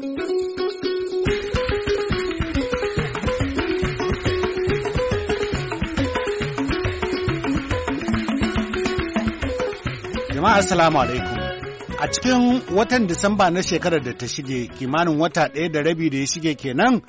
Jama'a Assalamu alaikum. A cikin watan Disamba na shekarar da ta shige kimanin wata ɗaya da rabi da ya shige kenan,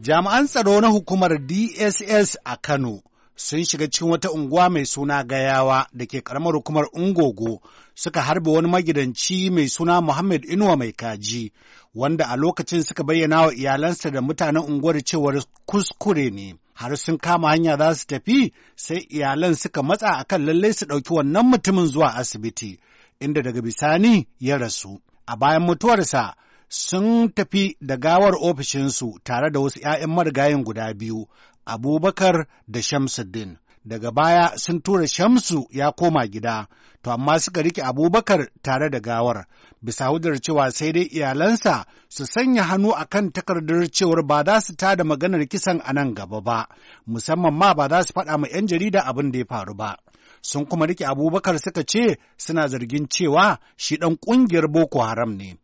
jami'an tsaro na hukumar DSS a Kano sun shiga cikin wata unguwa mai suna Gayawa da ke karamar hukumar Ungogo suka harbe wani magidanci mai suna Muhammad Inuwa mai kaji wanda a lokacin suka bayyana wa iyalansa da mutanen unguwar cewar kuskure ne. Har sun kama hanya za su tafi sai iyalan suka matsa akan lallai su ɗauki wannan mutumin zuwa asibiti inda daga bisani ya rasu. A bayan mutuwarsa sun tafi da gawar ofishinsu tare da wasu ‘ya'yan marigayin guda biyu, Abubakar da Shamsuddin. Daga baya sun tura Shamsu ya koma gida, to amma suka rike Abubakar tare da gawar, bisa hujjar cewa sai dai iyalansa su sanya hannu a kan takardar cewar ba za su tada maganar kisan a nan gaba ba, musamman ma ba za su faɗa ma 'yan jarida abin da ya faru ba. Sun kuma rike Abubakar suka ce suna zargin cewa shi ɗan ƙungiyar Boko Haram ne.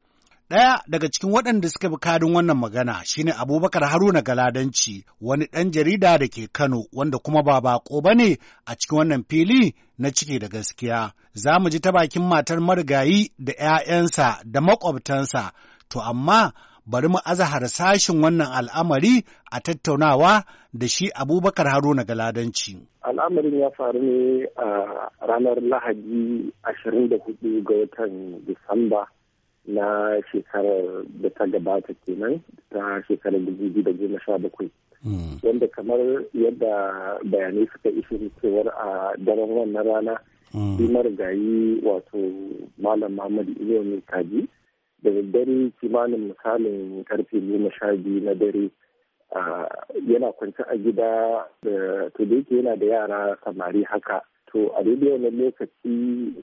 Ɗaya daga cikin waɗanda suka bi kadin wannan magana shine Abubakar Haruna Galadanci, wani ɗan jarida da ke Kano wanda kuma ba bako ba ne a cikin wannan fili na cike da gaskiya. Za mu ji ta bakin matar marigayi da ‘ya'yansa da maƙwabtansa, to amma bari mu azahar sashin wannan al'amari a tattaunawa da shi abubakar haruna galadanci. al'amarin ya faru ne a ranar lahadi 24 ga watan disamba na shekarar da ta gabata kenan ta shekarar dubu da goma sha bakwai wanda kamar yadda bayanai suka ishe cewar a daren wannan rana shi marigayi wato malam muhammadu iliyomi kaji da daddare kimanin misalin karfe goma sha biyu na dare yana kwanci a gida to da yake yana da yara samari haka to a daidai wannan lokaci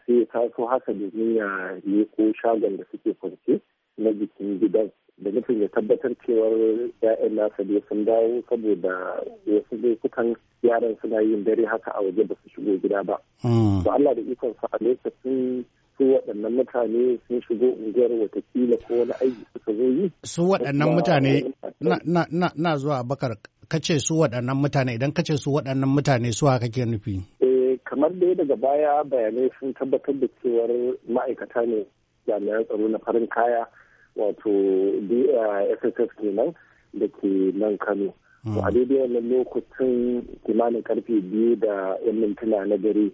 sai ya taso haka domin ya leko shagon da suke kwance na jikin gidan da nufin ya tabbatar cewar ya'yan nasa dai sun dawo saboda wasu lokutan yaran suna yin dare haka a waje ba su shigo gida ba. Hmm. To Allah da ikon sa a lokacin su waɗannan mutane sun shigo unguwar watakila ko wani aiki suka zo yi. Su waɗannan mutane na zuwa bakar kace su waɗannan mutane idan kace su waɗannan mutane su haka ke nufi. amma daga baya bayanai sun tabbatar da cewar ma'aikata ne jami'an tsaro na farin kaya wato sss kenan da ke nan kano hmm. a daidai wannan lokacin kimanin karfe biyu da yan mintuna na dare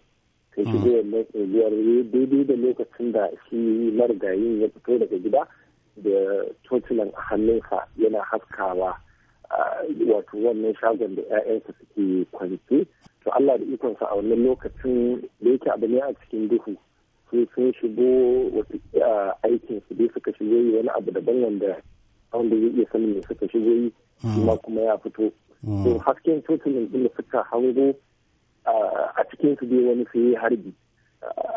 sai hmm. zai wannan tsibiyar daidai da lokacin da shi marigayin ya fito daga gida da tocilan a hannunsa yana haskawa wato wannan shagon da 'ya'yansa suke kwance to Allah da ikonsa a wannan lokacin da yake abu ne a cikin duhu sai sun shigo wata aikin su dai suka shigo yi wani abu daban wanda wanda zai iya sanin da suka shigo yi kuma kuma ya fito to hasken totalin din da suka hango a cikin su dai wani sai yi harbi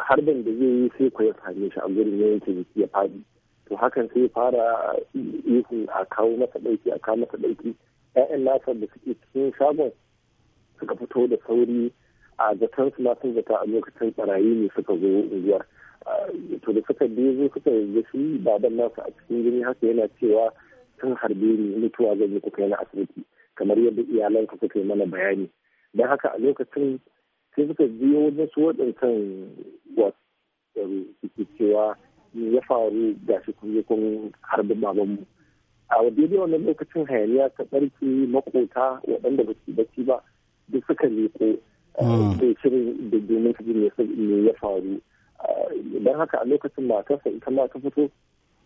harbin da zai yi sai ku ya same shi a gurin yanke jiki ya fadi to hakan sai fara ihun a kawo masa ɗauki a kawo masa ɗauki 'ya'yan nasa da suke cikin shagon suka fito da sauri a zaton su sun zata a lokacin barayi ne suka zo unguwar to da suka biyu zo suka yanzu shi baban nasa a cikin jini haka yana cewa sun harbe ni mutuwa zan yi kuka yana asibiti kamar yadda iyalanka suka yi mana bayani don haka a lokacin sai suka biyo wajen su waɗancan wasu suke cewa ya faru ga shi kun harbi babanmu a daidai wannan lokacin hayaniya ta ɓarke makota waɗanda ba su bacci ba duk suka leko da eh, hmm. shirin da domin su me ya faru eh, don haka a lokacin matarsa ita ma ta fito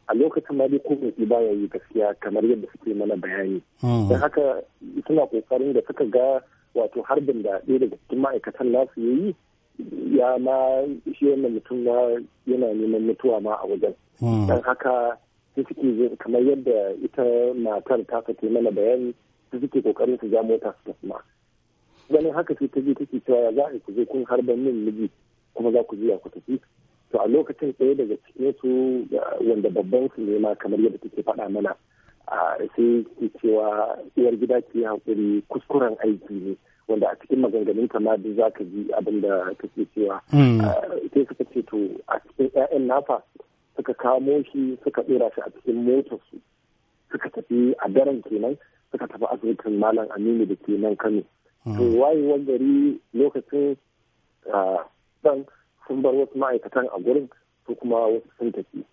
a lokacin ma dai ko ba ya yi gaskiya kamar yadda suke mana bayani hmm. don haka suna kokarin da suka ga wato harbin da ɗaya daga cikin ma'aikatan nasu ya yi ya ma shi wannan mutum ma yana neman mutuwa ma a wajen hmm. don haka su suke kamar yadda ita matar ta fate mana bayani su suke kokarin su ja mota su tafi ma ganin haka sai ta je take cewa ya za a ku je kun harban min miji kuma za ku juya ku tafi to a lokacin tsaye daga cikin su wanda babban su nema kamar yadda take faɗa mana sai ke cewa uwar gida ke hakuri kuskuren aiki ne wanda a cikin maganganun ta ma duk za ka ji abin da kake cewa hmm. sai suka ce to a cikin 'ya'yan nafa suka kamo shi suka ɗora shi a cikin motarsu suka tafi a daren kenan suka tafi asibitin malam aminu da ke nan kano hmm. to wayewar gari lokacin dan ah, sun bar wasu ma'aikatan a gurin su kuma wasu sun tafi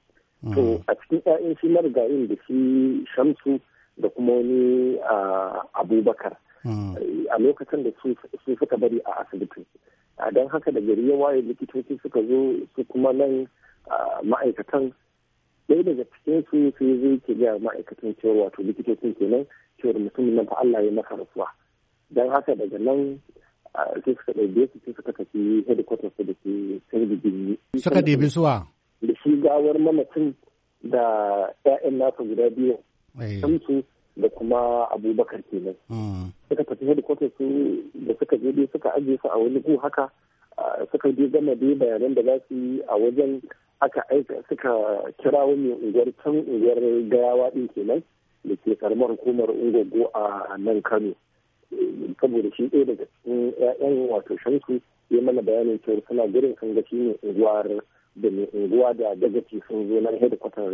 hmm. to a cikin 'ya'yan shi margayin da shi shamsu da kuma wani ah, abubakar hmm. a lokacin da su suka bari a asibitin don haka da gari ya waye likitoci suka zo su kuma nan ma'aikatan ɗaya daga cikin su yi zai ke gaya ma'aikatan cewa wato likitocin kenan cewar mutumin nan fa Allah ya maka rasuwa don haka daga nan sai suka ɗaya su sai suka tafi headquarters da ke sai da birni. Suka ɗebi suwa? Da shi gawar mamacin da 'ya'yan nasa guda biyu. Eh. Samsu da kuma abubakar kenan. Hmm. Suka tafi headquarters su da suka je dai suka ajiye su a wani gu haka suka je gama dai bayanan da za su yi a wajen aka aika suka kira wani unguwar can unguwar gayawa din kenan da ke karamar hukumar ungogo a nan kano saboda shi ɗaya daga cikin 'ya'yan wato shansu ya mana bayanin cewa suna gurin kan gashi ne unguwar da mai unguwa da dagaci sun zo nan hedikwatar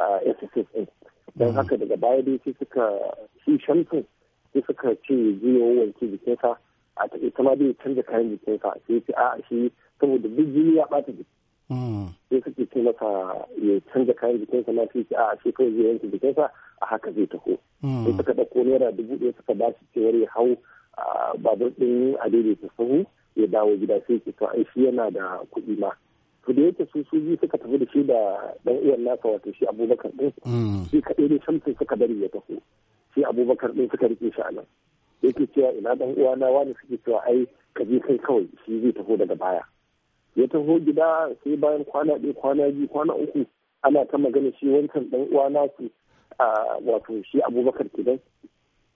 a sss don mm. haka daga baya dai sai suka shi shamsu sai suka ce jiyo wanke jikinsa a ita ma dai canza kayan jikinsa sai ce a shi saboda duk jini ya ɓata jiki Mm. sai suke ce maka ya canza kayan jikinsa na fiye a ce kawai zai yanke jikinsa a haka zai taho mm. sai suka ɗauko naira dubu ɗaya suka ba shi cewar ya hau babur ɗin a daidaita sahu ya dawo gida sai ke to ai shi yana da kuɗi ma to da yake su su biyu suka tafi da shi da ɗan uwan nasa wato shi abubakar ɗin mm. shi kaɗai ne shamsin suka bari ya taho shi abubakar ɗin suka rike shi a nan yake cewa ina ɗan uwana wani suke cewa ai ka je kai kawai shi zai taho daga baya ya taho gida sai bayan kwana ɗaya kwana biyu kwana uku ana ta magana shi wancan ɗan uwa nasu a wato shi abubakar kidan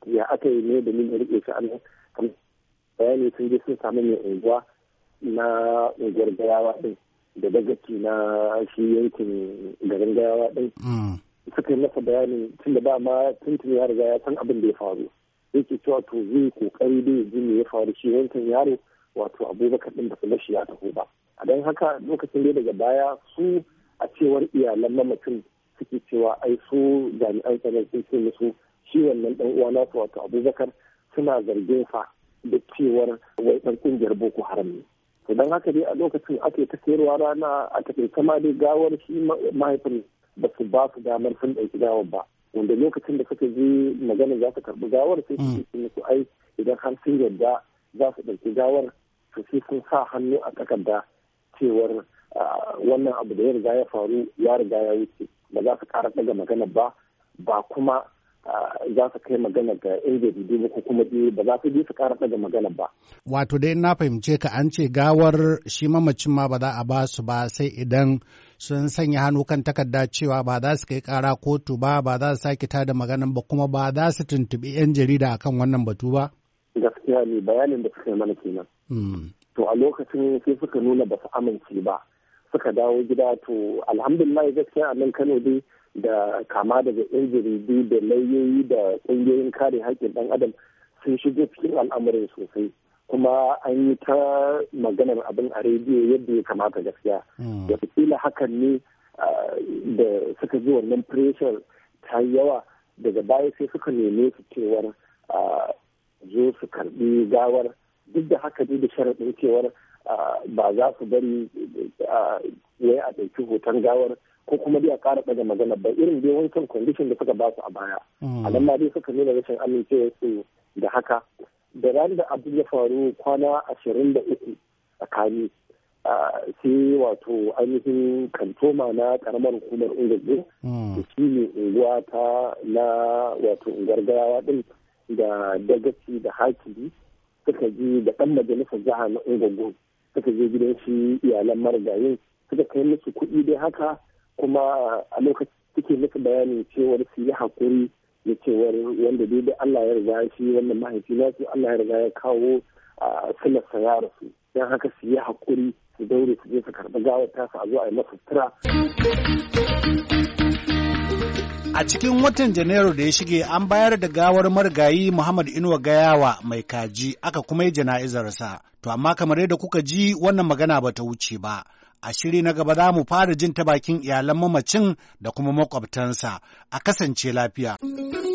ya aka yi ne da ya riƙe shi an bayani sun je sun samu mai unguwa na unguwar gayawa ɗin da dagaci na shi yankin garin gayawa ɗin mm. suka yi masa bayanin tun da dama tuntun ya riga ya san abin da ya faru yake cewa to zai kokari da ya ji me ya faru shi wancan yaro wato abubakar ɗin da su shi ya taho ba a don haka lokacin da daga baya su a cewar iyalan mamacin suke cewa ai su jami'an tsaron sun ce musu shi wannan dan uwa su wato abubakar suna zargin sa da cewar wai dan kungiyar boko haram ne to don haka dai a lokacin ake ta sayarwa rana a takaice ma dai gawar shi mahaifin ba su ba su damar sun ɗauki gawar ba wanda lokacin da suka je magana za su karɓi gawar sai su ce musu ai idan har sun yarda za su ɗauki gawar to sai sun sa hannu a takarda cewar wannan abu da ya riga ya faru ya riga ya wuce ba za su kara daga magana ba ba kuma za su kai magana ga yan jaridu ko kuma ba za su je su kara daga magana ba. Wato dai na fahimce ka an ce gawar shi mamacin ma ba za a ba su ba sai idan sun sanya hannu kan takarda cewa ba za su kai kara kotu ba ba za su sake tada magana ba kuma ba za su tuntuɓi 'yan jarida akan wannan batu ba. Gaskiya ne bayanin da suka yi mana kenan. Hmm. to a lokacin sai suka nuna ba su amince ba suka dawo gida to alhamdulillah gaskiya a nan kano dai da kama daga yan biyu da layoyi da kungiyoyin kare haƙƙin ɗan adam sun shiga cikin al'amarin sosai kuma an yi ta maganar abin a rediyo yadda ya kamata gaskiya hmm. wataƙila hakan ne da suka ji wannan pressure ta yawa daga baya sai suka neme su cewar zo su karbi gawar duk da haka ne da sharaɗin cewar ba za su bari yi a ɗauki hoton gawar ko kuma dai a ƙara ɗaga magana ba irin dai wancan kwandishin da suka ba su a baya mm. a nan ma dai suka nuna rashin amincewa su da haka da ran da abu ya faru kwana ashirin da uku tsakani sai wato ainihin kantoma na karamar hukumar ungaje mm. da shi ne unguwa ta na wato ungar gawa din da dagaci da hakili. suka je da ɗan majalisar jiha na ungogo suka je gidan shi iyalan marigayin suka kai musu kuɗi dai haka kuma a lokacin suke musu bayanin cewar su yi hakuri da cewar wanda dai Allah ya riga shi wanda mahaifi na su Allah ya riga ya kawo a saya ya su. don haka su yi hakuri su daure su je su karɓi gawar tasa a zo a yi masa sutura. A cikin watan Janairu da ya shige an bayar da gawar marigayi Muhammad Inuwa Gayawa mai kaji aka kuma yi jana'izarsa. To amma kamar yadda kuka ji wannan magana ba ta wuce ba. A shiri na gaba za mu fara jin ta bakin iyalan mamacin da kuma makwabtansa. A kasance lafiya.